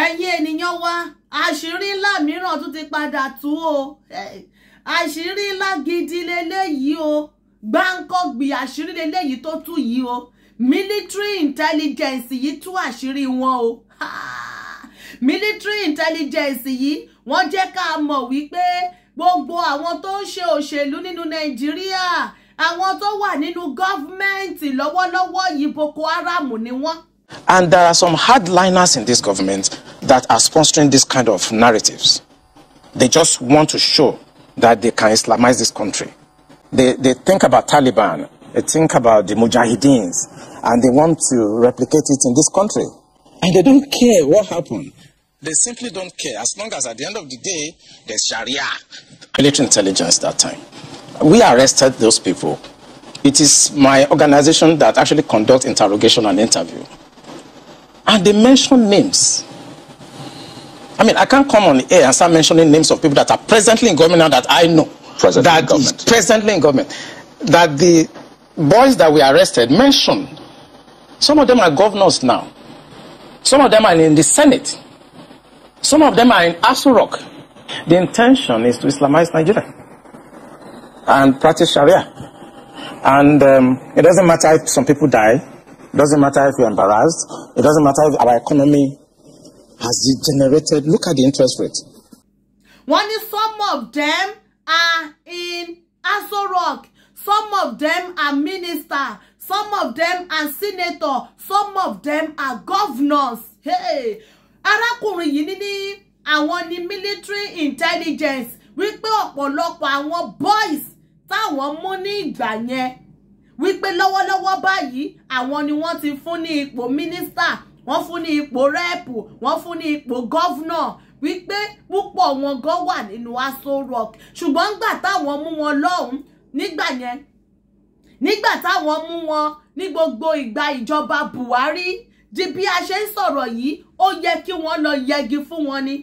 ẹ̀yin ènìyàn wa àṣírí ńlá mìíràn tún ti padà tú o àṣírí ńlá gidi leléyìí o gbáǹkọ́gbì àṣírí leléyìí tó tú yìí o military intelligence yìí tú àṣírí wọn o military intelligence yìí wọ́n jẹ́ ká mọ̀ wípé gbogbo àwọn tó ń ṣe òṣèlú nínú nàìjíríà àwọn tó wà nínú gọ́fúmẹ́ǹtì lọ́wọ́lọ́wọ́ yìí boko haram ni wọ́n And there are some hardliners in this government that are sponsoring this kind of narratives. They just want to show that they can Islamize this country. They, they think about Taliban, they think about the Mujahideens, and they want to replicate it in this country. And they don't care what happened. They simply don't care, as long as at the end of the day, there's Sharia. Military intelligence that time. We arrested those people. It is my organization that actually conducts interrogation and interview. And they mention names. I mean, I can't come on the air and start mentioning names of people that are presently in government now that I know. Presently that government. presently in government. That the boys that we arrested mentioned. Some of them are governors now. Some of them are in the Senate. Some of them are in Rock. The intention is to Islamize Nigeria and practice Sharia. And um, it doesn't matter if some people die, It doesn't matter if you're embarrassed. It doesn't matter if our economy has degenerated. Look at the interest rate. One some of them are in Aso Rock. Some of them are minister. Some of them are senator. Some of them are governors. Hey, arákùnrin yìí ní àwọn ni military intelligence wípé ọ̀pọ̀lọpọ̀ àwọn boys táwọn mú ní ìgbà yẹn wípé lọ́wọ́lọ́wọ́ báyìí àwọn ni wọ́n ti fún ní ipò mínísítà wọ́n fún ní ipò rẹ́ẹ̀pù wọ́n fún ní ipò gọ́vnà wípé púpọ̀ wọn gan wà nínú Aso Rock ṣùgbọ́n nígbà táwọn mú wọn lọ́hùn nígbà yẹn nígbà táwọn mú wọn ní gbogbo ìgbà ìjọba Buhari di bí a ṣe ń sọ̀rọ̀ yìí ó yẹ kí wọ́n lọ yẹgi fún wọn ni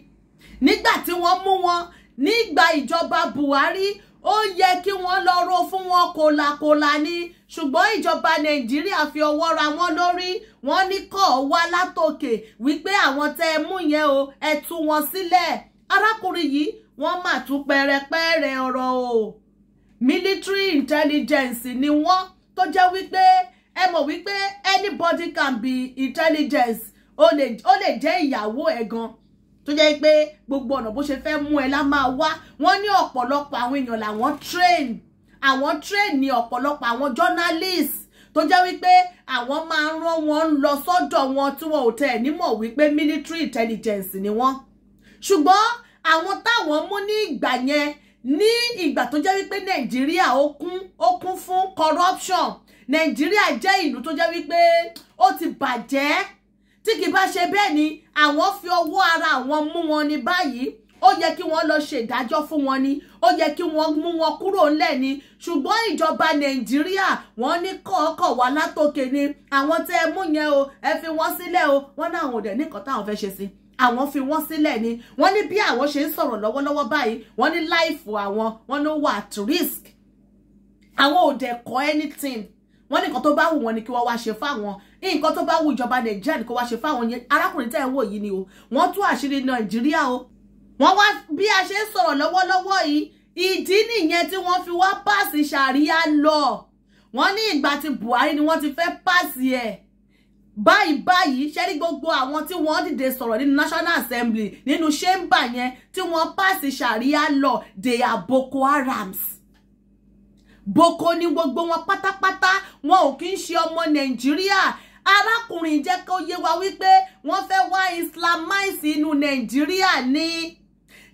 nígbà tí wọ́n mú wọn nígbà ìjọba Buhari ó yẹ kí wọ́n lọ ró fún wọn kòlàkòlà ni ṣùgbọ́n ìjọba nàìjíríà fi ọwọ́ ra wọn lórí wọn ní kọ́ wá látòkè wípé àwọn tẹ́ ẹ mú yẹn o ẹ tú wọn sílẹ̀ arákùnrin yìí wọ́n mà tún pẹrẹpẹrẹ ọ̀rọ̀ o military intelligence ni wọ́n tó jẹ́ wípé ẹ mọ̀ wípé anybody can be intelligence ó lè jẹ́ ìyàwó ẹ̀ gan-an tó jẹ́ pé gbogbo ọ̀nà bó ṣe fẹ́ mú ẹ lá máa wá wọ́n ní ọ̀pọ̀lọpọ̀ àwọn èèyàn làwọn train àwọn train ní ọ̀pọ̀lọpọ̀ àwọn journalist tó jẹ́ wípé àwọn máa ń rán wọn lọ sọ́dọ̀ wọn tí wọn ò tẹ̀ nímọ̀ wípé military intelligence ni wọ́n ṣùgbọ́n àwọn táwọn mú ní ìgbà yẹn ní ìgbà tó jẹ́ wípé nàìjíríà ó kún ó kún fún corruption nàìjíríà jẹ́ ìlú tó jẹ́ wípé ó ti bàjẹ́ tí kì bá ṣe bẹ́ẹ̀ ni àwọn fi ọwọ́ ara àwọn mú wọn ní báyìí ó yẹ kí wọ́n lọ ṣèdájọ́ fún wọn ni ó yẹ kí wọ́n mú wọn kúrò ńlẹ̀ ni ṣùgbọ́n ìjọba nàìjíríà wọ́n ní kọ̀ọ̀kọ̀ wá látòkè ni àwọn tẹ́ ẹ mú yẹn o ẹ fi wọ́n sílẹ̀ o wọ́n náà àwọn òdẹ̀ nìkan táwọn fẹ́ ṣe sí àwọn fi wọ́n sílẹ̀ ni wọ́n ní bí àwọn ṣe ń sọ̀rọ̀ lọ́wọ́lọ́wọ́ báyìí wọ́n ní láìfù àwọn wọ́n ló wà at risk àwọn ò dẹ̀ kọ́ anything wọ́n ní nǹkan tó bá wù wọ́n ni kí wọ́n wá ṣe fáwọn nǹkan tó bá wù ìjọba nàìjíríà ní kó wá ṣe fáwọn yẹn arákùnrin tẹ́ ẹ̀ wò yìí ni o wọ́n tú àṣírí nàìjíríà o wọ́n wá bí a ṣe ń sọ̀rọ̀ lọ́wọ́lọ́wọ́ yìí ìdí nìyẹn tí wọ́n fi wá páàsì ṣàríyá lọ wọ́n ní ìgbà tí buhari ni wọ́n ti fẹ́ páàsì ẹ̀ báyìí báyìí ṣẹ́rí gbogbo àwọn tí wọ́n dìde sọ̀rọ̀ nínú national assembly nínú chamber yẹn tí wọ́n páàsì ṣàríyá lọ they are boko harams boko ni gbogbo wọn pátápátá wọn ò kí ń ṣe ọmọ nàìjíríà arákùnrin jẹ́ kó yé wa wípé wọ́n fẹ́ wá islamize inú nàìjíríà ni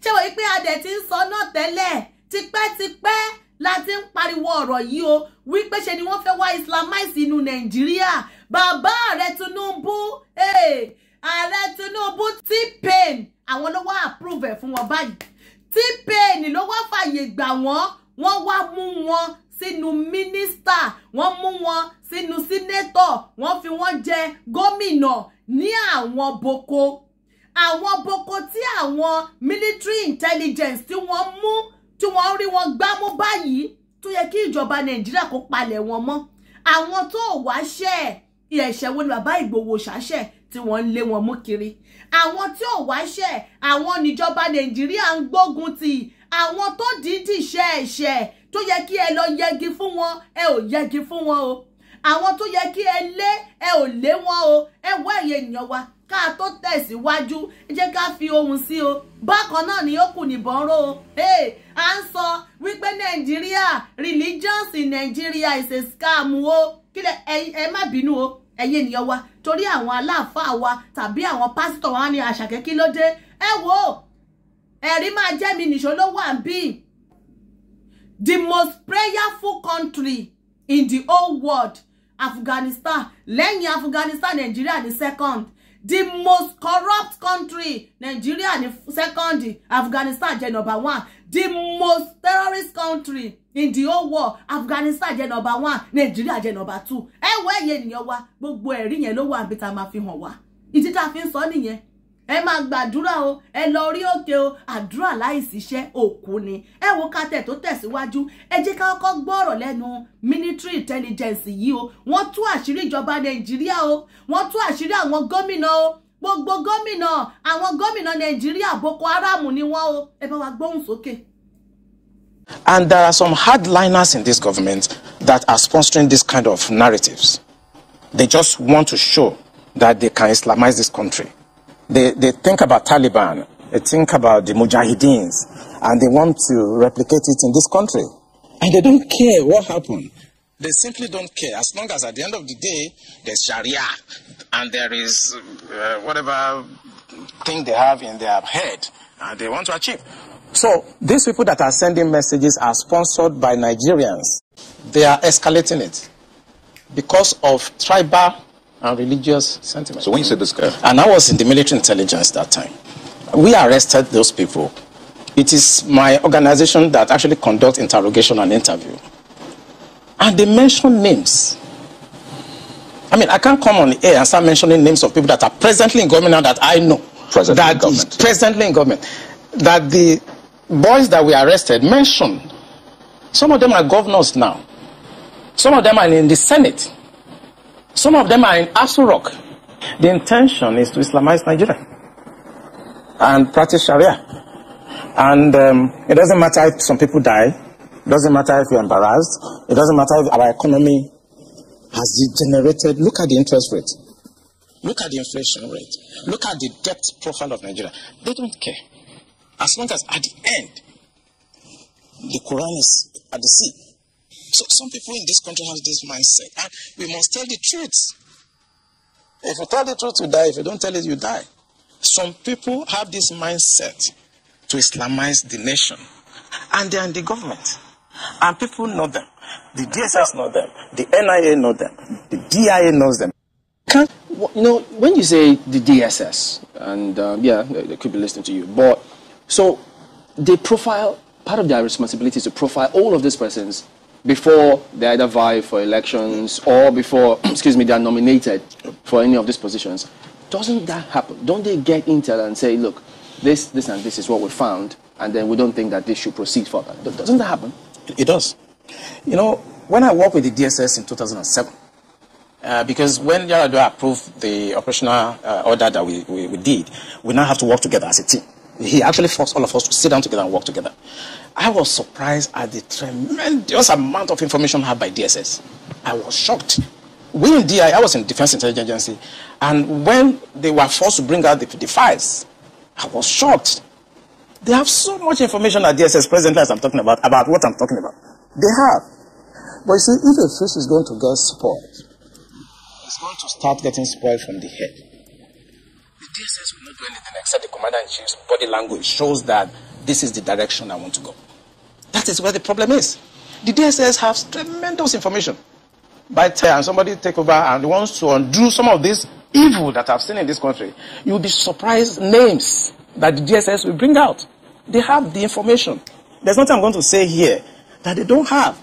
ṣé wọ́n wípé adẹ̀ ti ń sọ náà tẹ́lẹ̀ tipẹ́tipẹ́ láti ń pariwo ọ̀rọ̀ yìí o wípé ṣe ni wọ́n fẹ́ wá islamize inú nàìjíríà bàbá ààrẹ tinubu ààrẹ tinubu t-pain àwọn ló wá approve ẹ̀ fún wọn báyìí t-pain ló wá fàyè gbà wọ́n wọ́n wá mú wọn sínú mínísítà wọ́n mú wọn sínú sínétọ̀ wọ́n fi wọ́n jẹ gómìnà ní àwọn boko àwọn boko tí àwọn military intelligence tí wọ́n mú tí wọ́n rí wọn gbámú báyìí tó yẹ kí ìjọba nàìjíríà kó palẹ̀ wọn mọ́ àwọn tó wáṣẹ́ ẹ̀ṣẹ̀ wo ni bàbá ìgbòho ṣàṣẹ̀ tí wọ́n ń lé wọn mú kiri àwọn tí ò wáṣẹ̀ àwọn níjọba nàìjíríà ń gbógun ti àwọn tó dídì ṣe ẹ̀ṣẹ̀ tó yẹ kí ẹ lọ yẹgi fún wọn ẹ ò yẹgi fún wọn o àwọn tó yẹ kí ẹ lé ẹ ò lé wọn o ẹ wọ ẹ̀yẹ ènìyàn wa ká tó tẹ̀síwájú ẹ ká fi ohun sí o bákan náà ni ó kù nìbọn ró o à ń sọ wípé nàìjíríà religions in Nigeria is a scam o kílẹ̀ ẹ má bínú o ẹ̀yẹ ènìyàn wa torí àwọn aláàfáà wa tàbí àwọn pásítọ̀ wa ní àṣàkẹ́ kí ló dé ẹ wo ẹ̀rí máa jẹ́ mi nìṣó ló wà bí the most prayerful country in the whole world Afghanistan lẹ́yìn Afghanistan Nigeria ní second the most corrupt country Nigeria ní second Afghanistan jẹ́ number one the most terrorist country in the whole world Afghanistan jẹ́ number one Nigeria jẹ́ number two ẹ wọ ẹyẹ ènìyàn wa gbogbo ẹ̀rí yẹn ló wà níbi tá a máa fi hàn wá ìdí tá a fi ń sọ nìyẹn ẹ máa gbàdúrà o ẹ lọ rí òkè o àdúrà láìsíṣẹ́ òkú ni ẹ wo kátẹ tó tẹ̀síwájú ẹ jẹ́ ká kọ́kọ́ gbọ́rọ̀ lẹ́nu military intelligence yìí o wọ́n tú àṣírí ìjọba nàìjíríà o wọ́n tú àṣírí àwọn gómìnà o gbogbo gómìnà àwọn gómìnà nàìjíríà boko haram ni wọ́n o ẹ bá wa gbóhùn sókè. And there are some hardliners in this government that are sponsoring this kind of narratives. They just want to show that they can Islamize this country. They, they think about Taliban, they think about the Mujahideens, and they want to replicate it in this country. And they don't care what happened. They simply don't care. As long as at the end of the day, there's Sharia and there is uh, whatever thing they have in their head and uh, they want to achieve. So these people that are sending messages are sponsored by Nigerians. They are escalating it because of tribal and religious sentiment. So when you said this guy... And I was in the military intelligence that time. We arrested those people. It is my organization that actually conducts interrogation and interview. And they mention names. I mean, I can't come on air and start mentioning names of people that are presently in government now that I know. Presently that in is presently in government. That the boys that we arrested mentioned. Some of them are governors now. Some of them are in the Senate. Some of them are in Asu Rock. The intention is to Islamize Nigeria and practice Sharia. And um, it doesn't matter if some people die, it doesn't matter if you're embarrassed, it doesn't matter if our economy has degenerated. Look at the interest rate, look at the inflation rate, look at the debt profile of Nigeria. They don't care. As long as at the end, the Quran is at the sea. So some people in this country have this mindset. And we must tell the truth. If you tell the truth, you die. If you don't tell it, you die. Some people have this mindset to Islamize the nation. And they are in the government. And people know them. The DSS know them. The NIA know them. The DIA knows them. Can, you know, when you say the DSS, and uh, yeah, they could be listening to you, but so they profile, part of their responsibility is to profile all of these persons before they either vie for elections or before, excuse me, they are nominated for any of these positions. Doesn't that happen? Don't they get intel and say, look, this, this, and this is what we found, and then we don't think that this should proceed further? Doesn't that happen? It does. You know, when I worked with the DSS in 2007, uh, because when Yaradua approved the operational uh, order that we, we, we did, we now have to work together as a team. He actually forced all of us to sit down together and work together. I was surprised at the tremendous amount of information had by DSS. I was shocked. We in DI, I was in Defense Intelligence Agency, and when they were forced to bring out the, the files, I was shocked. They have so much information at DSS presently as I'm talking about, about what I'm talking about. They have. But you see, if a fish is going to get spoiled, it's going to start getting spoiled from the head. The says we will not do anything except the commander in chief's body language shows that this is the direction I want to go. That is where the problem is. The DSS has tremendous information. By time somebody take over and wants to undo some of this evil that I've seen in this country, you'll be surprised names that the DSS will bring out. They have the information. There's nothing I'm going to say here that they don't have.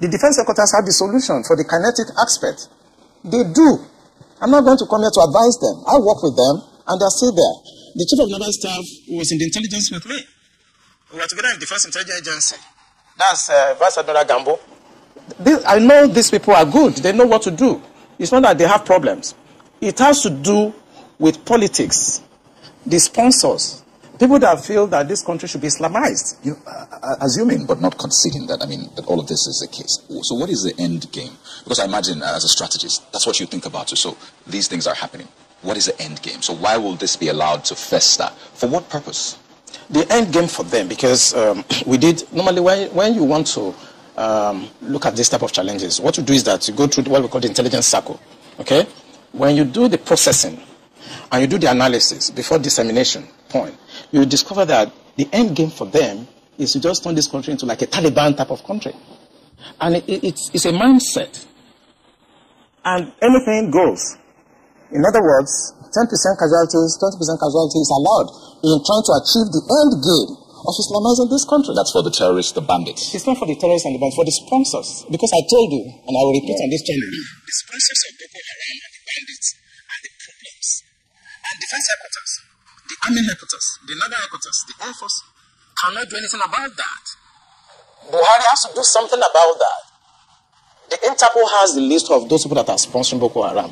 The defense secretaries have the solution for the kinetic aspect. They do. I'm not going to come here to advise them. I work with them and they're still there. The chief of naval staff was in the intelligence with me. We were together in the first intelligence agency. That's uh, Vice Admiral Gambo. This, I know these people are good. They know what to do. It's not that they have problems. It has to do with politics, the sponsors, people that feel that this country should be Islamized. You uh, uh assuming but not conceding that, I mean, that all of this is the case. So what is the end game? Because I imagine uh, as a strategist, that's what you think about. Too. So these things are happening. What is the end game? So why will this be allowed to fester? For what purpose? The end game for them, because um, we did, normally when, when you want to um, look at this type of challenges, what you do is that you go through what we call the intelligence circle, okay? When you do the processing and you do the analysis before dissemination point, you discover that the end game for them is to just turn this country into like a Taliban type of country. And it, it, it's, it's a mindset. And anything goes. In other words, 10% casualties, 20% casualties is allowed in trying to achieve the end game of Islamizing this country. That's for the terrorists, the bandits. It's not for the terrorists and the bandits, for the sponsors. Because I told you, and I will repeat yeah. on this channel, the sponsors of Boko Haram and the bandits are the problems. And defense headquarters, the army headquarters, the northern headquarters, the air force cannot do anything about that. Buhari has to do something about that. The Interpol has the list of those people that are sponsoring Boko Haram.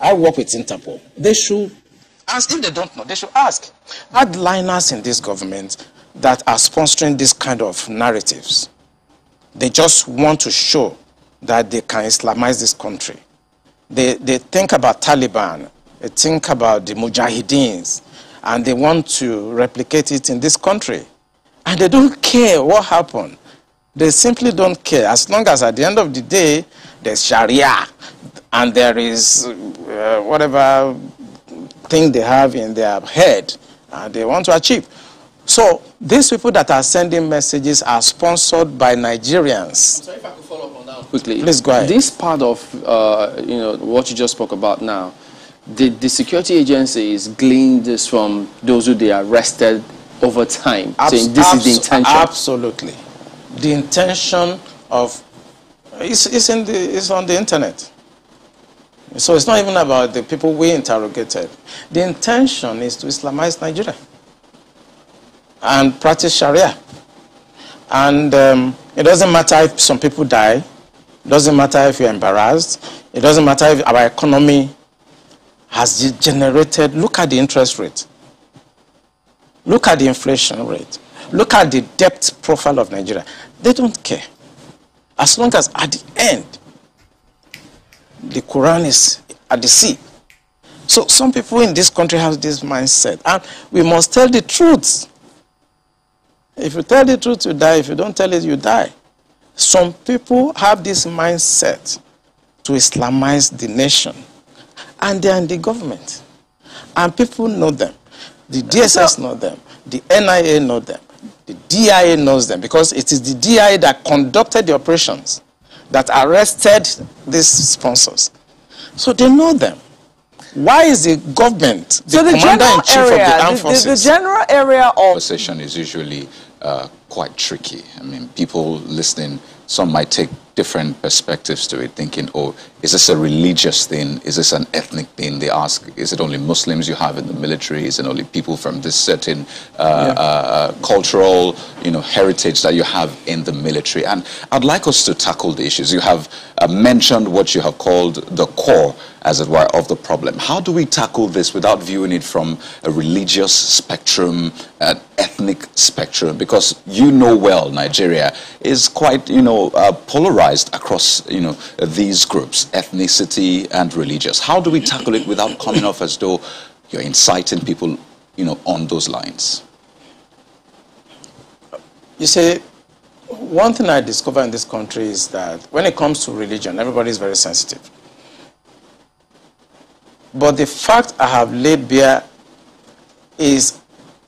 I work with Interpol. They should ask if they don't know, they should ask. Hardliners in this government that are sponsoring this kind of narratives, they just want to show that they can Islamize this country. They, they think about Taliban, they think about the Mujahideens, and they want to replicate it in this country. And they don't care what happened. They simply don't care. As long as at the end of the day, there's Sharia, and there is uh, whatever thing they have in their head uh, they want to achieve. So these people that are sending messages are sponsored by Nigerians. Sorry if I could follow up on that quickly. Please go ahead. This part of uh, you know what you just spoke about now, the, the security agencies gleaned this from those who they arrested over time, Abs saying this is the intention. Absolutely, the intention of it's, it's in the it's on the internet. So it's not even about the people we interrogated. The intention is to Islamize Nigeria and practice Sharia. And um, it doesn't matter if some people die. It doesn't matter if you're embarrassed. It doesn't matter if our economy has generated. Look at the interest rate. Look at the inflation rate. Look at the debt profile of Nigeria. They don't care. As long as at the end, the Quran is at the sea. So some people in this country have this mindset. And we must tell the truth. If you tell the truth, you die. If you don't tell it, you die. Some people have this mindset to Islamize the nation. And they are in the government. And people know them. The DSS know them. The NIA know them. The DIA knows them because it is the DIA that conducted the operations that arrested these sponsors. So they know them. Why is the government, the so the commander-in-chief of the armed forces... The, the general area of... Conversation is usually uh, quite tricky. I mean, people listening, some might take different perspectives to it, thinking, oh, is this a religious thing? Is this an ethnic thing? They ask, is it only Muslims you have in the military? Is it only people from this certain uh, yeah. uh, cultural, you know, heritage that you have in the military? And I'd like us to tackle the issues. You have uh, mentioned what you have called the core as it were, of the problem. How do we tackle this without viewing it from a religious spectrum, an ethnic spectrum? Because you know well, Nigeria is quite, you know, uh, polarized across, you know, these groups, ethnicity and religious. How do we tackle it without coming off as though you're inciting people, you know, on those lines? You see, one thing I discover in this country is that when it comes to religion, everybody is very sensitive. But the fact I have laid bare is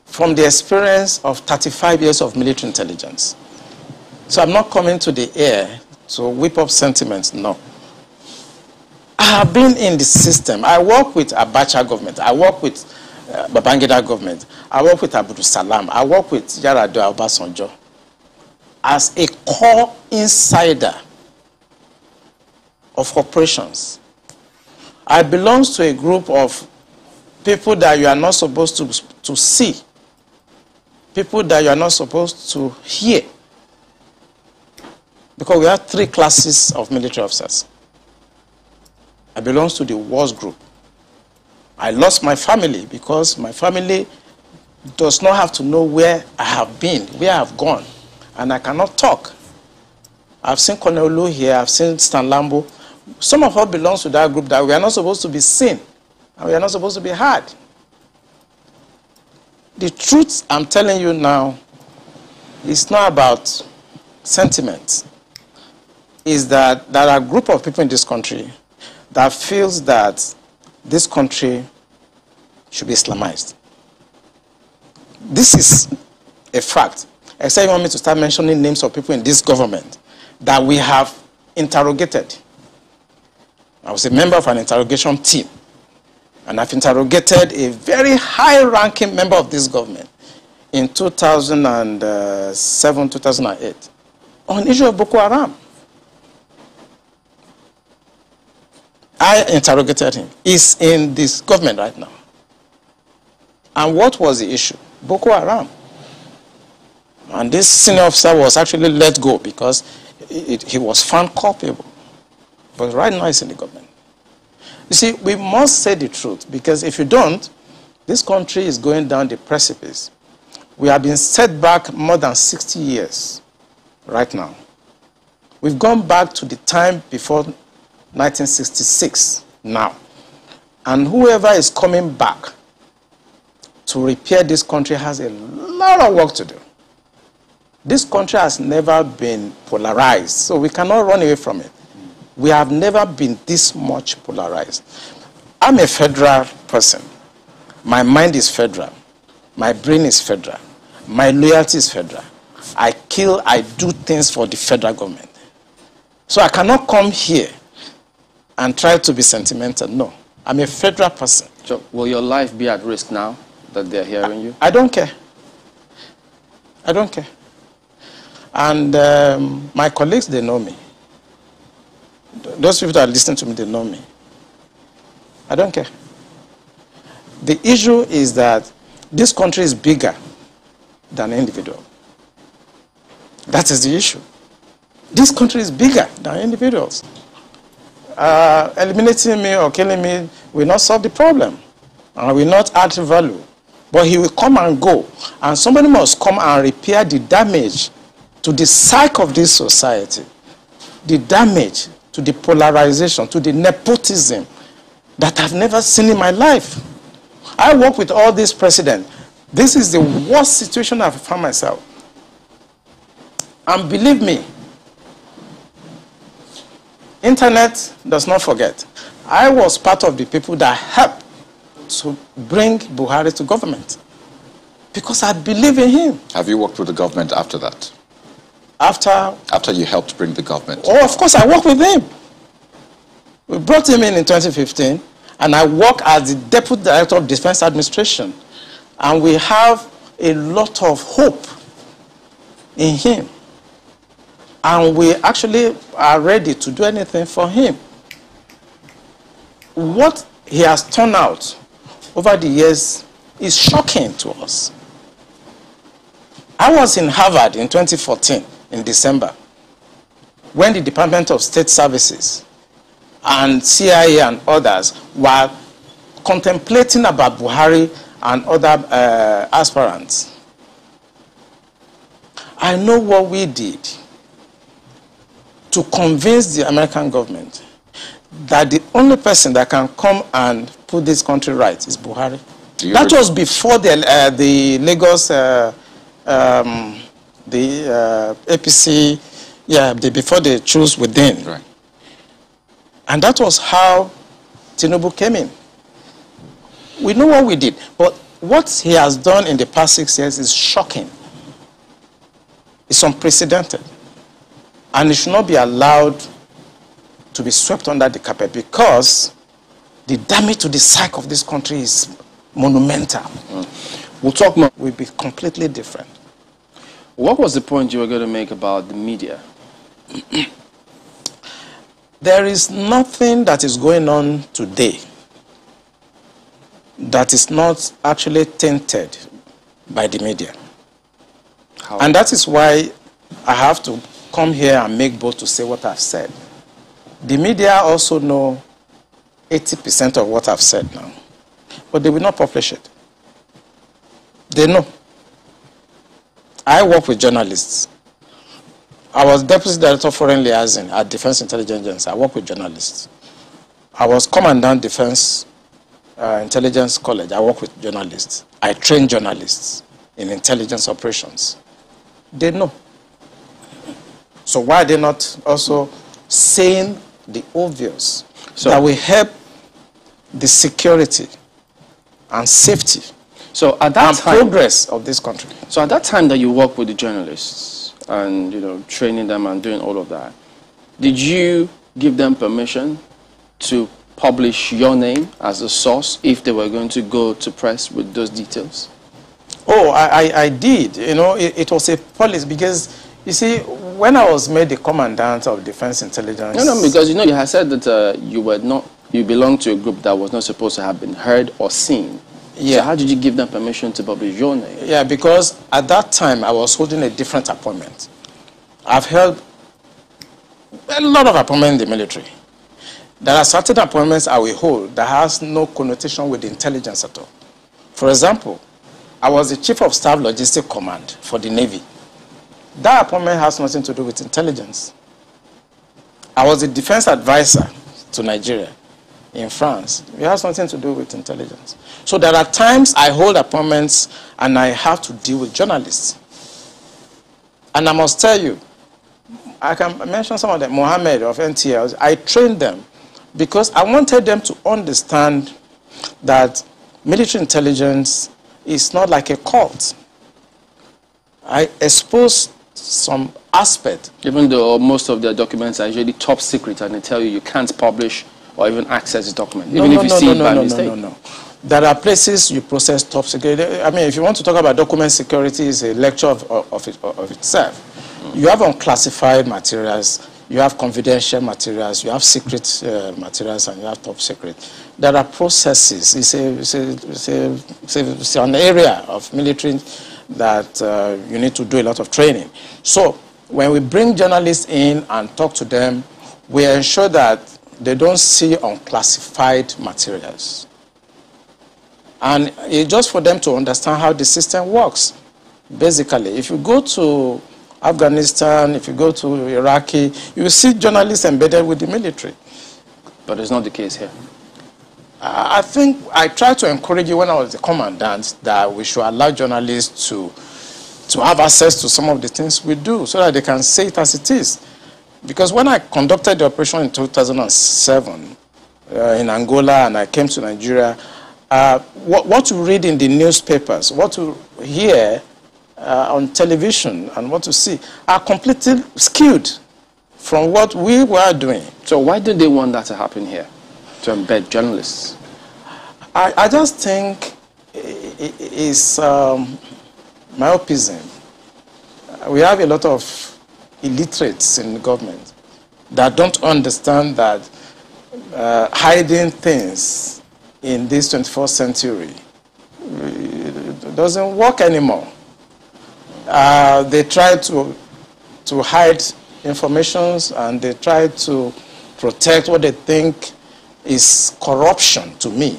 from the experience of 35 years of military intelligence. So I'm not coming to the air to whip up sentiments, no. I have been in the system. I work with Abacha government. I work with uh, Babangida government. I work with Abdul Salam. I work with Yaradua Obasanjo. As a core insider of operations, I belong to a group of people that you are not supposed to, to see, people that you are not supposed to hear. Because we have three classes of military officers. I belong to the worst group. I lost my family because my family does not have to know where I have been, where I have gone, and I cannot talk. I've seen Konelu here, I've seen Stan Lambo, some of us belongs to that group that we are not supposed to be seen and we are not supposed to be heard. The truth I'm telling you now is not about sentiment. Is that there are a group of people in this country that feels that this country should be Islamized. This is a fact. Except you want me to start mentioning names of people in this government that we have interrogated I was a member of an interrogation team. And I've interrogated a very high ranking member of this government in 2007, 2008 on issue of Boko Haram. I interrogated him. He's in this government right now. And what was the issue? Boko Haram. And this senior officer was actually let go because it, it, he was found culpable. But right now it's in the government. You see, we must say the truth because if you don't, this country is going down the precipice. We have been set back more than 60 years right now. We've gone back to the time before 1966 now. And whoever is coming back to repair this country has a lot of work to do. This country has never been polarized, so we cannot run away from it we have never been this much polarized. I'm a federal person. My mind is federal. My brain is federal. My loyalty is federal. I kill, I do things for the federal government. So I cannot come here and try to be sentimental. No. I'm a federal person. So will your life be at risk now that they're hearing I, you? I don't care. I don't care. And um, my colleagues, they know me. Those people that are listening to me, they know me. I don't care. The issue is that this country is bigger than an individual. That is the issue. This country is bigger than individuals. Uh, eliminating me or killing me will not solve the problem and will not add value. But he will come and go, and somebody must come and repair the damage to the psyche of this society, the damage to the polarization, to the nepotism that I've never seen in my life. I work with all these presidents. This is the worst situation I've found myself. And believe me, internet does not forget. I was part of the people that helped to bring Buhari to government because I believe in him. Have you worked with the government after that? After after you helped bring the government. Oh, of course, I worked with him. We brought him in in 2015, and I work as the deputy director of defense administration, and we have a lot of hope in him, and we actually are ready to do anything for him. What he has turned out over the years is shocking to us. I was in Harvard in 2014 in December, when the Department of State Services and CIA and others were contemplating about Buhari and other uh, aspirants, I know what we did to convince the American government that the only person that can come and put this country right is Buhari. That was before the, uh, the Lagos uh, um, the uh, APC, yeah, the, before they choose within. Right. And that was how Tinubu came in. We know what we did, but what he has done in the past six years is shocking. It's unprecedented. And it should not be allowed to be swept under the carpet because the damage to the psyche of this country is monumental. Mm. We'll talk more. We'll be completely different. What was the point you were going to make about the media? there is nothing that is going on today that is not actually tainted by the media. How? And that is why I have to come here and make bold to say what I've said. The media also know 80% of what I've said now, but they will not publish it. They know. I work with journalists. I was deputy director of foreign liaison at Defense Intelligence Agency. I work with journalists. I was commandant Defense uh, Intelligence College. I work with journalists. I train journalists in intelligence operations. They know. So why are they not also saying the obvious so, that will help the security and safety So at that and time, progress of this country. So at that time that you worked with the journalists and you know training them and doing all of that, did you give them permission to publish your name as a source if they were going to go to press with those details? Oh, I, I, I did. You know, it, it, was a policy because, you see, when I was made the commandant of defense intelligence... No, no, because, you know, you had said that uh, you were not, you belonged to a group that was not supposed to have been heard or seen. Yeah. So how did you give that permission to publish your name? Yeah, because at that time I was holding a different appointment. I've held a lot of appointments in the military. There are certain appointments I will hold that has no connotation with intelligence at all. For example, I was the Chief of Staff Logistic Command for the Navy. That appointment has nothing to do with intelligence. I was the Defense Advisor to Nigeria in France. We have something to do with intelligence. So there are times I hold appointments and I have to deal with journalists. And I must tell you, I can mention some of them, Mohammed of NTL, I trained them because I wanted them to understand that military intelligence is not like a cult. I exposed some aspect. Even though most of their documents are usually top secret and they tell you you can't publish or even access the document, no, even no, if it's no, by mistake? No, no, no. There are places you process top security. I mean, if you want to talk about document security, it's a lecture of, of, it, of itself. Mm. You have unclassified materials, you have confidential materials, you have secret uh, materials, and you have top secret. There are processes. It's, a, it's, a, it's, a, it's an area of military that uh, you need to do a lot of training. So when we bring journalists in and talk to them, we ensure that they don't see unclassified materials. And just for them to understand how the system works. Basically, if you go to Afghanistan, if you go to Iraqi, you see journalists embedded with the military. But it's not the case here. I think I tried to encourage you when I was the commandant that we should allow journalists to, to have access to some of the things we do so that they can say it as it is. Because when I conducted the operation in 2007 uh, in Angola and I came to Nigeria, uh, what, what you read in the newspapers, what you hear uh, on television and what you see are completely skewed from what we were doing. So why do they want that to happen here, to embed journalists? I, I just think it's um, myopism. We have a lot of illiterates in the government that don't understand that uh, hiding things in this 21st century uh, doesn't work anymore. Uh, they try to, to hide informations and they try to protect what they think is corruption to me.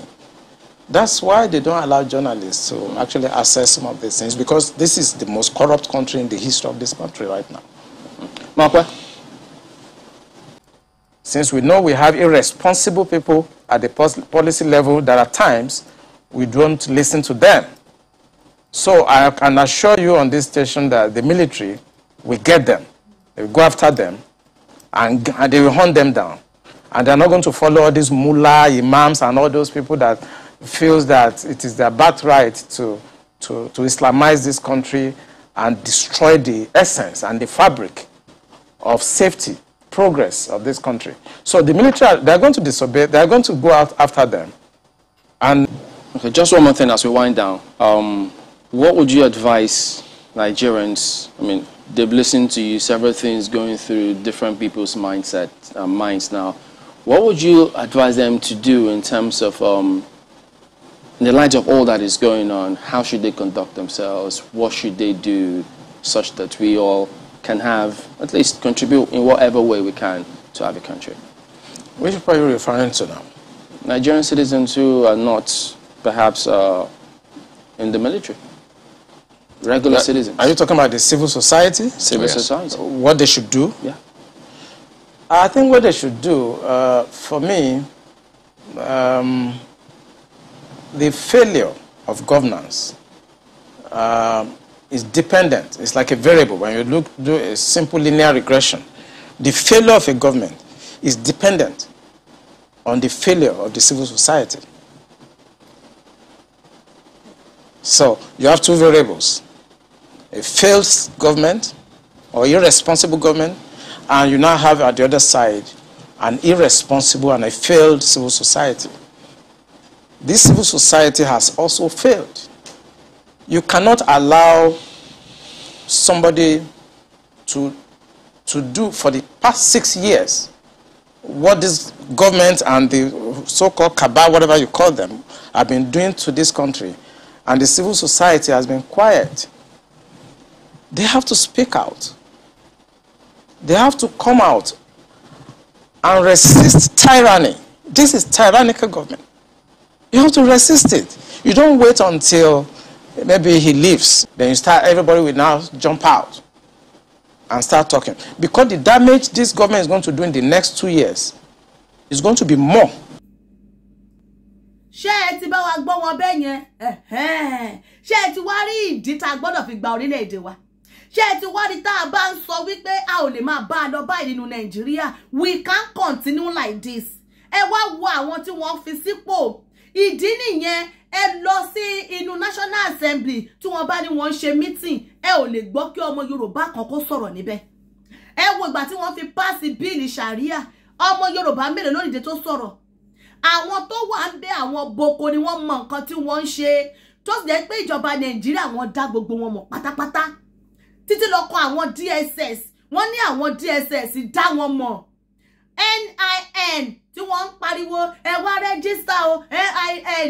That's why they don't allow journalists to actually assess some of these things because this is the most corrupt country in the history of this country right now. Since we know we have irresponsible people at the policy level, there are times we don't listen to them. So I can assure you on this station that the military will get them. They will go after them and, and they will hunt them down. And they're not going to follow all these mullah, imams, and all those people that feels that it is their birthright to, to, to Islamize this country and destroy the essence and the fabric of safety, progress of this country. So the military, they are going to disobey, they are going to go out after them. And okay, just one more thing as we wind down. Um, what would you advise Nigerians? I mean, they've listened to you, several things going through different people's mindset, uh, minds now. What would you advise them to do in terms of, um, in the light of all that is going on, how should they conduct themselves? What should they do such that we all can have, at least contribute in whatever way we can to have a country. Which people are you referring to now? Nigerian citizens who are not perhaps uh, in the military. Regular but citizens. Are you talking about the civil society? Civil yes. society. What they should do? Yeah. I think what they should do, uh, for me, um, the failure of governance uh, is dependent. It's like a variable. When you look do a simple linear regression, the failure of a government is dependent on the failure of the civil society. So you have two variables, a failed government or irresponsible government, and you now have at the other side an irresponsible and a failed civil society. This civil society has also failed you cannot allow somebody to to do for the past six years what this government and the so-called cabal, whatever you call them, have been doing to this country, and the civil society has been quiet. They have to speak out. They have to come out and resist tyranny. This is tyrannical government. You have to resist it. You don't wait until maybe he leaves then you start everybody will now jump out and start talking because the damage this government is going to do in the next two years is going to be more. ṣé ẹ ti bá wa gbọ́ wọn bẹ́ẹ̀ yẹn ṣé ẹ ti wá rí ìdí tá a gbọ́dọ̀ fi gba orílẹ̀-èdè wa ṣé ẹ ti wá rí tá a bá ń sọ wípé a ò lè máa bá a lọ báyìí nínú nàìjíríà we can continue like this ẹ wá wo àwọn tí wọ́n fi sípò ìdí nìyẹn ẹ lọ sí inú national assembly tí wọ́n bá ní wọ́n ṣe meeting ẹ ò lè gbọ́ kí ọmọ yorùbá kan kó sọ̀rọ̀ níbẹ̀ ẹ wo ìgbà tí wọ́n fi páàsì bíìlì Sharia ọmọ yorùbá mélòó lónìí tó sọ̀rọ̀ àwọn tó wà ń bẹ àwọn boko ni wọ́n mọ nǹkan tí wọ́n ń ṣe tó sì jẹ́ pé ìjọba nàìjíríà wọ́n dá gbogbo wọn mọ̀ pátápátá títí lọ kọ àwọn dss wọ́n ní àwọn dss dá wọn mọ̀ NIN tí wọ́n ń pariwo ẹ wá rẹ́gísítà o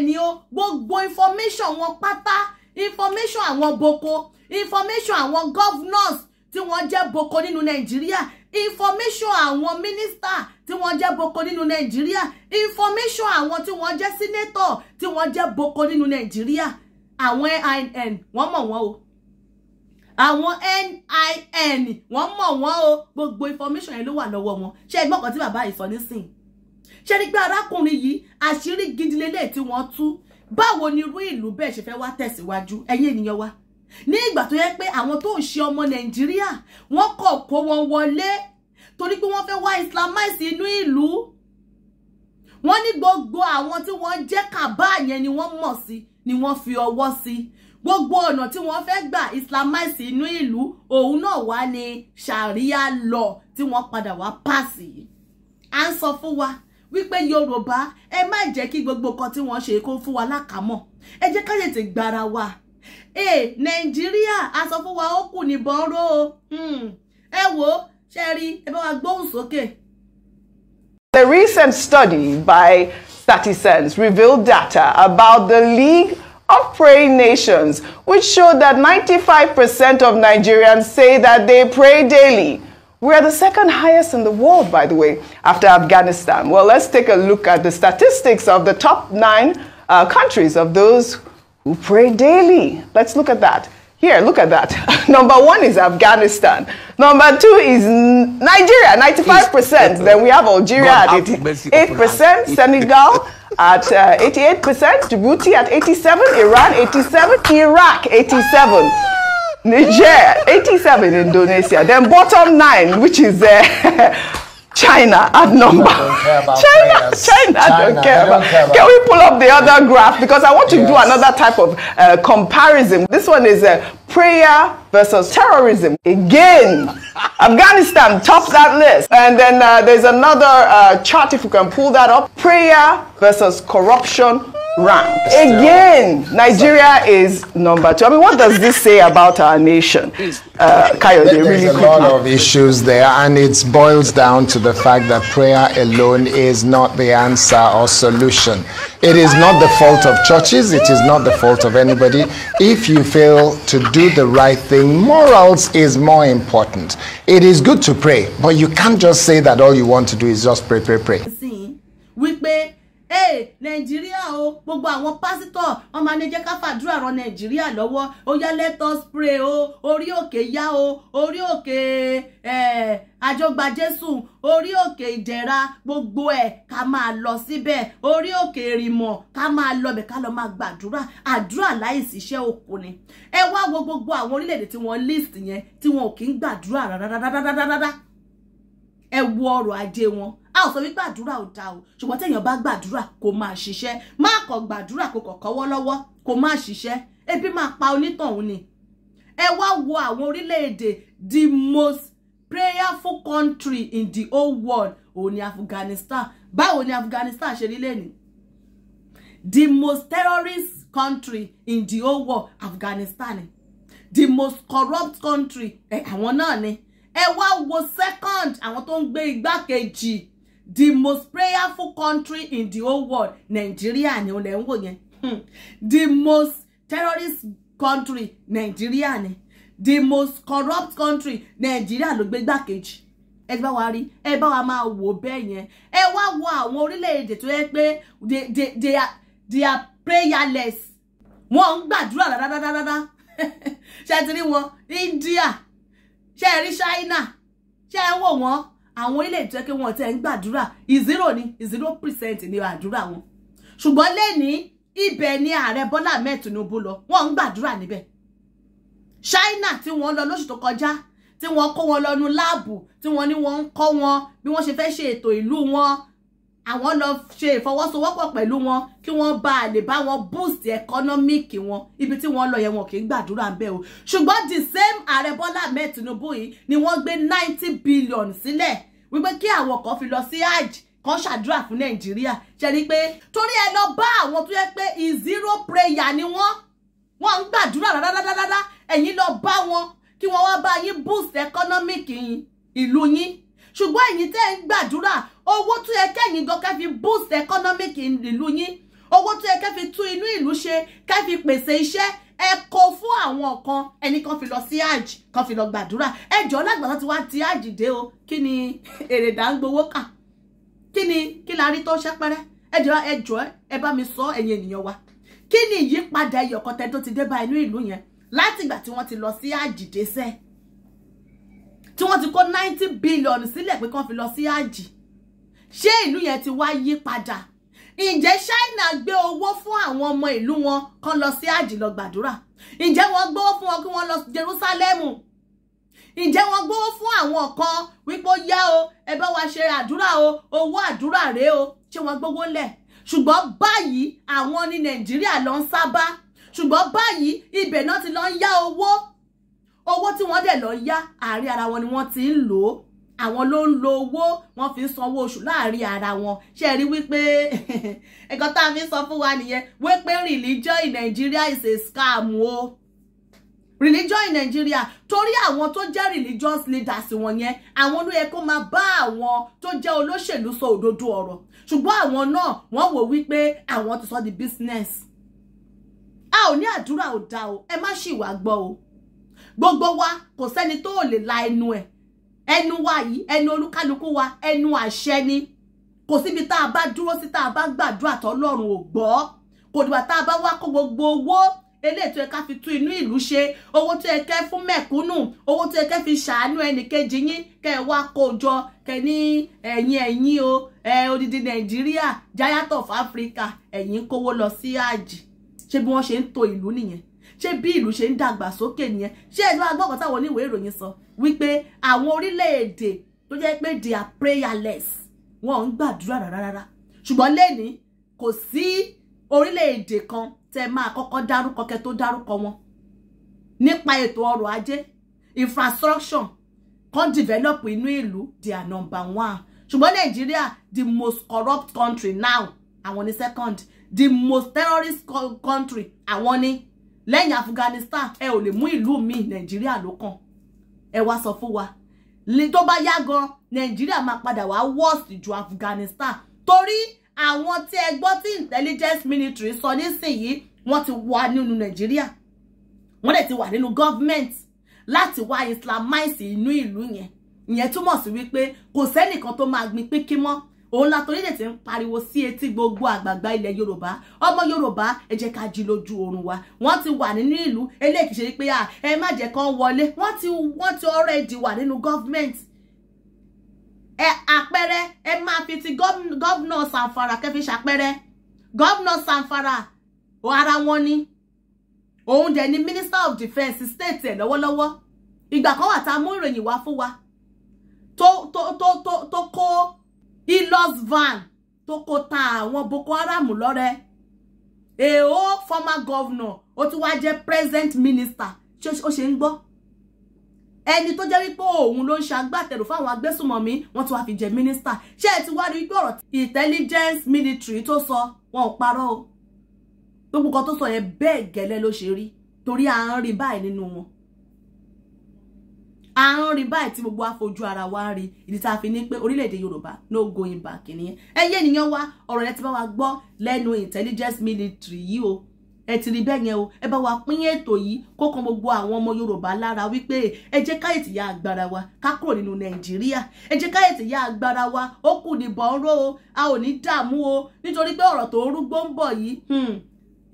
NIN o gbogbo information wọn pátá information àwọn boko information àwọn governors tí wọ́n jẹ́ boko nínú Nàìjíríà information àwọn minister tí wọ́n jẹ́ boko nínú Nàìjíríà information àwọn tí wọ́n jẹ́ senator tí wọ́n jẹ́ boko nínú Nàìjíríà àwọn NIN wọ́n mọ̀ wọ́n o àwọn NIN wọ́n mọ̀ wọ́n o gbogbo information yẹn ló wà lọ́wọ́ wọn ṣé ẹ gbọ́kàn tí bàbá yìí sọ nísìn ṣe ni pé arákùnrin yìí àṣírí gidi lélẹ̀ tí wọ́n tú báwo ni irú ìlú bẹ́ẹ̀ ṣe fẹ́ wá tẹ̀síwájú ẹ̀yin ènìyàn wa ní ìgbà tó yẹ pé àwọn tó ń ṣe ọmọ Nàìjíríà wọ́n kọ̀ kó wọn wọlé torí pé wọ́n fẹ́ wá islamize inú ìlú wọ́n ní gbogbo àwọn tí wọ́n jẹ́ kàbá yẹn ni wọ́n mọ̀ sí ni wọ́n fi ọwọ́ sí gbogbo ọ̀nà tí wọ́n fẹ́ gbà islamize inú ìlú òun náà wá ní sharia law tí wọ́n padà wá pàṣẹ à ń sọ fún wa wípé yorùbá ẹ má jẹ́ kí gbogbo nǹkan tí wọ́n ṣe kó fún wa lákàmọ́ ẹ jẹ́ ká ti gbára wa ẹ nàìjíríà a sọ fún wa ó kù níbọn ró o hmm. ẹ wo ṣe ẹ bá wa gbóhùn sókè. The recent study by StatiSense revealed data about the league of praying nations, which showed that 95% of Nigerians say that they pray daily. We are the second highest in the world, by the way, after Afghanistan. Well, let's take a look at the statistics of the top nine uh, countries of those who pray daily. Let's look at that. Here, look at that. Number one is Afghanistan. Number two is Nigeria, 95%. Then we have Algeria at 8%, Senegal at uh, 88%, Djibouti at 87, Iran 87, Iraq 87. Niger, 87 Indonesia. Then bottom nine, which is uh, China at number. China, China, China, I don't care about. Can we pull up the other graph? Because I want to yes. do another type of uh, comparison. This one is uh, prayer versus terrorism. Again, Afghanistan tops that list. And then uh, there's another uh, chart, if you can pull that up prayer versus corruption ranked. Again, Nigeria so, is number two. I mean, what does this say about our nation? Uh, Kayode, There's really a lot of issues there, and it boils down to the fact that prayer alone is not the answer or solution. It is not the fault of churches. It is not the fault of anybody. If you fail to do the right thing, morals is more important. It is good to pray, but you can't just say that all you want to do is just pray, pray, pray. See, we pray. ee nàìjíríà o gbogbo àwọn pásítọ̀ wọn máa ní jẹ́ ká fàdúrà ran nàìjíríà lọ́wọ́ ó yá let us pray o orí òkè yá o orí òkè ẹ̀ẹ́ àjọgbà jésù orí òkè ìdẹ̀ra gbogbo ẹ̀ ká máa lọ síbẹ̀ orí òkè ìrìmọ̀ ká máa lọbẹ̀ ká lọ máa gbàdúrà àdúrà láìsí iṣẹ́ òkú ni ẹ wá wo gbogbo àwọn orílẹ̀-èdè tí wọ́n list yẹn tí wọn ò kí ń gbàdúrà rárá rárá rárá rárá ẹ wo ọrọ̀ ajé wọn a ò sọ wípé àdúrà ò da o ṣùgbọ́n téèyàn bá gbàdúrà kó máa ṣiṣẹ́ má kọ̀ gbàdúrà kó kọ̀ kọ́wọ́ lọ́wọ́ kó máa ṣiṣẹ́ ebi máa pa onítọ̀hún ni ẹ wá wo àwọn orílẹ̀-èdè the most prayerful country in the whole world òun ni Afghanistan báwo ni Afghanistan ṣe rí lẹ́nu the most terrorist country in the whole world Afghanistan the most corrupt country ẹ àwọn náà ni ẹ wá wo second àwọn tó ń gbé igbákejì the most prayerful country in the whole world Nigeria ni olè ń wò yẹn hmm. the most terrorist country Nigeria ni the most corrupt country Nigeria ló gbé gbàkejì ẹ bá wa rí ẹ bá wa máa wò bẹ́ẹ̀ yẹn ẹ wá wo àwọn orílẹ̀-èdè tó yẹ pé they they they are they are prayerless wọ́n ń gbàdúrà rárárárá ṣe ti rí wọn India ṣe rí China ṣe ń wò wọ́n àwọn ilé ìtọ́ pé wọn tẹ̀ ń gbàdúrà ìzírò ni ìzírò percent ni àdúrà wọn ṣùgbọ́n lẹ́ni ibẹ̀ ni ààrẹ Bọ́lá Ahmed Tinubu lọ wọ́n ń gbàdúrà níbẹ̀ China tí wọ́n lọ lóṣù tó kọjá tí wọ́n kó wọn lọ́nu láàbù tí wọ́n ní wọ́n ń kọ́ wọn bí wọ́n ṣe fẹ́ ṣe ètò ìlú wọn àwọn lọ ṣe ìfọwọ́sowọ́pọ̀ pẹ̀lú wọn kí wọ́n bá a lè bá wọn boost economic wọn ibi tí wọ́n lọ yẹ wọn kì í gbàdúrà ń bẹ̀ o ṣùgbọ́n the same ààrẹ Bọ́lá Ahmed Tinubu yìí ni wọ́n gbé ninety billion sílẹ̀ wípé kí àwọn kan fi lọ sí hajj kan ṣàdúrà fún Nàìjíríà ṣe ni pé torí ẹ lọ bá àwọn tó yẹ pé zero prayer ni wọ́n wọ́n ń gbàdúrà rárá ẹ̀yin lọ bá wọn kí wọ́n wá bá yín boost economic yín ìlú yín ṣùgbọ́n ẹ̀yin tẹ́ ń gbàdúrà owó tó yẹ kẹ́yìn gan kẹ́ fi boost economic ìlú yín owó tó yẹ kẹ́ fi tún inú ìlú ṣe kẹ́ fi pèsè iṣẹ́ ẹ kó fún àwọn kan ẹni kan fi lọ sí hajj kan fi lọ gbàdúrà ẹjọ́ lágbàtà ti wá ti hajj dé o kí ni èrè dàgbowó kà kí ni kí la rí tó ṣẹ́pẹ́rẹ́ ẹjọ́ ẹjọ́ ẹ bá mi sọ ẹ̀yin ènìyàn wa kí ni ìyípadà ẹyọ̀kan tẹ́ tó ti dé bá inú ìlú yẹn látìgbà tí wọ́n ti lọ sí hajj dé sẹ́ẹ̀ tí wọ́n ti kó ninety billion sílẹ̀ pé kán fi lọ sí àjì ṣé ìlú yẹn ti wá yí padà ǹjẹ́ China gbé owó fún àwọn ọmọ ìlú wọn kán lọ sí àjì lọ gbàdúrà ǹjẹ́ wọ́n gbówó fún wọn kí wọ́n lọ Jerúsálẹ́mù ǹjẹ́ wọ́n gbówó fún àwọn kan wípé ó yá o ẹ bá ṣe àdúrà o owó àdúrà rèé o ṣé wọ́n gbówó lẹ̀ ṣùgbọ́n báyìí àwọn ní Nàìjíríà lọ ń sábà ṣùgbọ́n báyìí ibẹ̀ náà ti lọ ń yá owó owó tí wọ́n dẹ̀ lọ yá àárín ara wọn ni wọ́n ti ń lò ó àwọn ló ń lo owó wọ́n fi ń sanwó oṣù láàárín ara wọn ṣe rí wípé ẹ̀kọ́ tá a fi ń sọ fún wa nìyẹn wípé religion in Nigeria is a scam o. religion in Nigeria torí àwọn tó jẹ́ religious leaders wọ̀nyẹn àwọn ló yẹ kó máa bá àwọn tó jẹ́ olóṣèlú sọ òdodo ọ̀rọ̀ ṣùgbọ́n àwọn náà wọ́n wò wípé àwọn ti sọ di business a ò ní àdúrà ò dá o ẹ má ṣì wá gbọ́ o gbogbo wa kò sẹ́ni tó lè la ẹnu ẹ̀ ẹnu wa yìí ẹnu olúkálukú wa ẹnu àṣẹ ni kò síbi tá a bá dúró sí tá a bá gbàdúrà tọ́lọ́run ò gbọ́ kò dìgbà tá a bá wá kó gbogbo owó eléyìí tó fi tún inú ìlú ṣe owó tó yẹ kẹ́ fún mẹ̀kúnnù owó tó yẹ kẹ́ fi ṣàánú ẹnìkejì yín kẹ́ ẹ wá kó jọ kẹ́ ní ẹ̀yin ẹ̀yin o odidi nàìjíríà giant of africa ẹ̀yin kówó lọ sí àjì ṣé bí wọ́n ṣe ń tò ìlú nìyẹn ṣé bí ìlú ṣe ń dàgbà sókè nìyẹn ṣé ìlú agbọ́kọ̀ táwọn oníwèé ìròyìn sọ wípé àwọn orílẹ̀-èdè tó jẹ́ pé they are prayerless wọn ò ń gbàdúrà rárá rárá ṣùgbọ́n lẹ́ni kò sí orílẹ̀-èdè kan tẹ́ máa kọ́kọ́ dárúkọ kẹ́ tó dárúkọ wọn nípa ètò ọrọ̀ ajé infrastructure kan develop inú ìlú they are number one ṣùgbọ́n nàìjíríà the most corrupt country now àwọn ni second the most terrorist country àwọn ni lẹ́yìn Afghanistan ẹ ò lè mú ìlú mi Nàìjíríà ló kàn ẹ wá sọ fún wa tó bá yá gan Nàìjíríà máa padà wá worst ju Afghanistan torí àwọn tí ẹ gbọ́ tí intelligence ministry sọ nísìnyí wọ́n ti wà nínú Nàìjíríà wọ́n dẹ̀ ti wà nínú government láti wá islamize inú ìlú yẹn ìyẹn túmọ̀ sí wípé kò sẹ́nìkan tó máa gbin pínpín mọ́ òun la torí dẹ̀ ti ń pariwo sí etí gbogbo àgbààgbà ilẹ̀ yorùbá ọmọ yorùbá ẹ jẹ́ ká jí lójú oorun wa wọ́n ti wà nínú ìlú eléyìí kì í ṣe pé ẹ má jẹ́ kán wọlé wọ́n ti wọ́n ti already wà nínú gọ́fmẹ̀ntì ẹ àpẹẹrẹ ẹ máa fi ti gọ́vnọ̀ sanfara kẹ́ fi ṣàpẹẹrẹ gọ́vnọ̀ sanfara ara wọn ni òun dẹ̀ ni minister of defence state ẹ̀ lọ́wọ́lọ́wọ́ ìgbà kan wà tá a mú ìròyìn wá fún wa tó tó tó tó kó Hilos van tó kó ta àwọn Boko Haram lọ́rẹ́ èèó former governor ó ti wá jẹ́ present minister ṣé ó ṣe ń gbọ́ ẹni tó jẹ́ wípé òun ló ń ṣagbátẹrù fáwọn agbésùmọ̀mí wọ́n ti wá fi jẹ́ minister ṣé ẹ ti wá rí gbọ́ intelligence military tó sọ wọn ò parọ́ o gbogbo nǹkan tó sọ yẹn bẹ́ẹ̀ gẹ́lẹ́ ló ṣe rí torí à ń rí báyìí nínú wọn à ń rí báyìí tí gbogbo afojú ara wa rí ìdí tá a fi ní pé orílẹ̀-èdè yorùbá no going back nìyẹn ẹyẹ ènìyàn wa ọ̀rọ̀ yẹn ti bá wa gbọ́ lẹ́nu intelligence military yìí o ẹ ti rí bẹ́ẹ̀ yẹn o ẹ bá wa pín ètò yìí kó kan gbogbo àwọn ọmọ yorùbá lára wípé ẹ jẹ́ káyọ̀tì ya agbára wa ká kúrò nínú nàìjíríà ẹ jẹ́ káyọ̀tì ya agbára wa ó kù nìbọn ró o a ò ní dààmú o nítorí pé ọ̀rọ̀ tó rúgbó ń bọ̀ yìí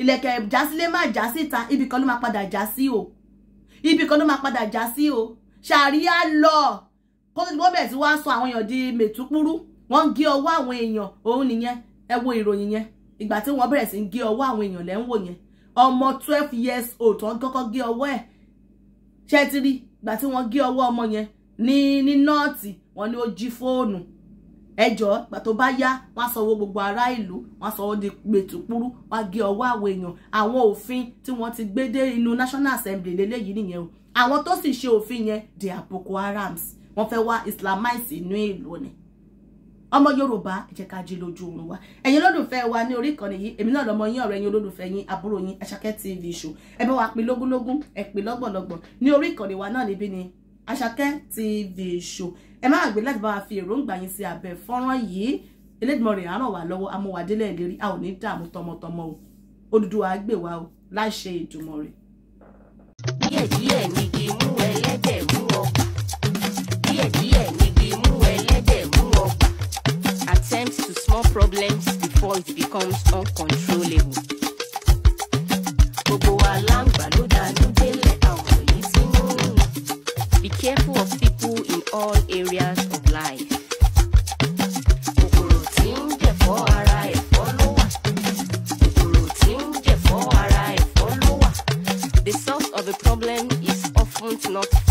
ìlẹ̀kẹ̀ hmm, jásílé má jásíta ibì kan ló máa padà já o ibì ló máa padà já o ṣàríà lọ kó tó ti wọ́n bẹ̀rẹ̀ sí wá sọ àwọn èèyàn di mẹ̀túkúrú wọ́n ń gé ọwọ́ àwọn èèyàn òun nìyẹn ẹ wo ìròyìn yẹn ìgbà tí wọ́n bẹ̀rẹ̀ sí ń gé ọwọ́ àwọn èèyàn lẹ́ yẹn ọmọ twelve years old tó ń kọ́kọ́ gé ọwọ́ ẹ̀ ṣẹ́tìrì ìgbà tí wọ́n gé ọwọ́ ọmọ yẹn ní ní nọ́ọ̀tì wọ́n ní ó jí fóònù ẹjọ́ ìgbà tó bá yá wọ́n á sanwó gbogbo ará ìlú wọ́n á sanwó di gbètùpúrú wọ́n á gé ọwọ́ àwọn èèyàn àwọn òfin tí wọ́n ti gbé dé inú National Assembly lélẹ́yìí nìyẹn o àwọn tó sì ṣe òfin yẹn they are Boko Harams wọ́n fẹ́ wá islamize inú ìlú ni ọmọ Yorùbá ẹ jẹ́ ká jí lójú oorun wa ẹ̀yin olólùfẹ́ wa ní orí ìkànnì yìí èmi náà lọmọ yín ọ̀rẹ́ yín olólùfẹ́ yín àbúrò yín Àṣàkẹ́ TV show ẹ bá wa pín lógúnlógún ẹ pín lọ́gbọ̀nlọ́gbọ̀n ní orí ìkànnì wa náà níbí ni Àṣàkẹ́ TV show ẹ má gbé láti bá wa fi èròǹgbà yín sí abẹ́ fọ́nrán yìí Elédùmarè á ràn wá lọ́wọ́ amúwádélẹ̀ ìlérí a ò ní dààmú tọmọtọmọ o Odùduwà á gbè o láṣẹ Èdùmàrè small problems before it becomes uncontrollable. Gbogbo aláǹgbá ló dànù délẹ̀ àwọn èyí tí ń Be careful of people in all areas of life. Kòkòrò tí ń jẹ̀fọ́ ara ẹ̀fọ́ ló wà. Kòkòrò tí ń jẹ̀fọ́ ara ẹ̀fọ́ ló wà. The source of a problem is often not.